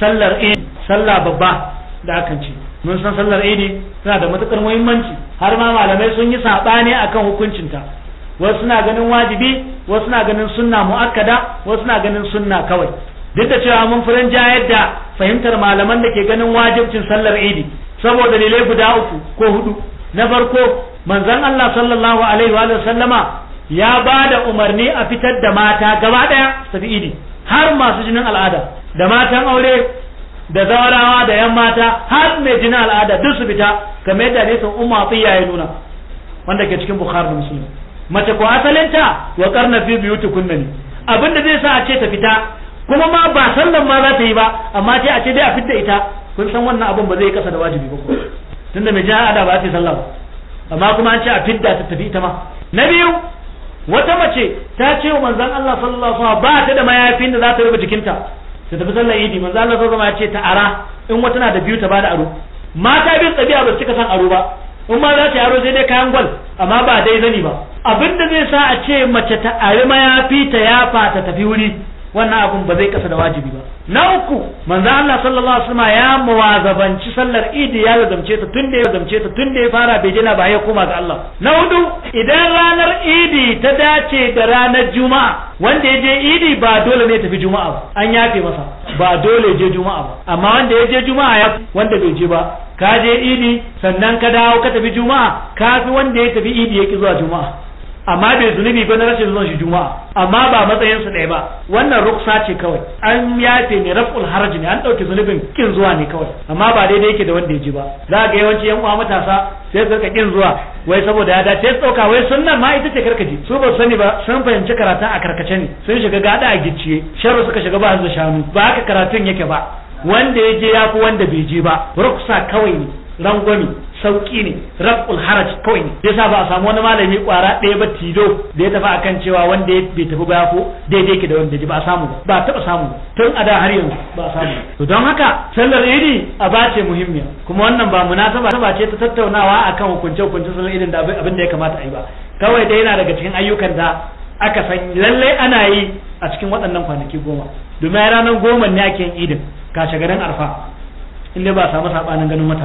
sallar A sallah babba da akan ce mun san sallar idi tana da matukar muhimmanci har ma malamai sun yi sabani akan hukuncinta wasu na ganin wajibi wasu na ganin sunna muakkada wasu na ganin sunna kawai duk da cewa mun furan ja da fahimtar malaman da ke ganin wajibcin sallar idi saboda dalilai guda uku ko hudu na farko manzon Allah sallallahu alaihi wa sallama ya ba da umarni a fitar da mata gaba daya su idi har masu jinin al'ada da matan aure da zaurawa da yan mata har mai jina al'ada duk su fita kamar yadda sun umma tsiya ya nuna wanda ke cikin bukhari da muslim mace ko asalinta wa karna fi kunna ne abinda zai sa a ce ta fita kuma ma ba sallan ma za ta yi ba amma sai a ce dai a fitta ita kun san wannan abin ba zai kasa da wajibi ba tunda mai jina al'ada ba za ta yi sallah ba amma kuma an ce a fidda ta tafi ita ma na biyu wata mace ta ce wa manzon Allah sallallahu alaihi wasallam ba ta da mayafin da za ta rufe jikinta sai tafi sallar idi manzo Allah sallallahu alaihi wasallam ya ce ta ara in wata na da biyu ta bada aro mata bin tsabiya ba su cika san aro ba in ma za ta aro sai dai kayan gwal amma ba dai zani ba abinda zai sa a ce mace ta ari mayafi ta yafa ta tafi wuri wannan abun ba zai kasa da wajibi ba na uku manzo Allah sallallahu alaihi wasallam ya muwazabanci sallar idi ya zamce ta tun ya ta tunda ya fara bai jina ba ya koma ga Allah na hudu idan ranar idi ta dace da ranar juma'a wanda ya je idi ba dole ne tafi juma'a ba an yafe masa ba dole je juma'a ba amma wanda ya je juma'a ya wanda bai je ba ka je idi sannan ka dawo ka tafi juma'a ka fi wanda ya tafi idi ya ki zuwa juma'a amma bai zunubi ba na rashin zuwan shi juma'a amma ba matsayin su ɗaya ba wannan ruksa ce kawai an yafe ne raf'ul haraj ne an ɗauki zunubin kin zuwa ne kawai amma ba daidai yake da wanda ya ji ba za ga yawanci yan uwa matasa sai su rika kin zuwa wai saboda ya dace su ɗauka wai sunnan ma ita ce karkaji su ba su sani ba sun fahimci karatun a karkace ne sun shiga gada a gicciye sharru suka shiga ba da shanu ba haka karatun yake ba wanda ya je ya fi wanda bai je ba ruksa kawai ne rangwami sauki ne raf'ul haraj kawai ne yasa ba a samu wani malami kwara ɗaya ba tido da ya tafi akan cewa wanda ya bai tafi ba ko daidai ke da wanda ba a samu ba taba samu tun a da har yanzu ba a samu to don haka sallar idi a ba ce muhimmiya kuma wannan ba munasaba ba ce ta tattaunawa akan hukunce hukunce sallar idin da abin da ya kamata a yi ba kawai dai yana daga cikin ayyukan da aka san lallai ana yi a cikin waɗannan kwanaki goma domin ranar goma ne ake yin idin kashe garin arfa inda ba a samu saɓanin ganin mata.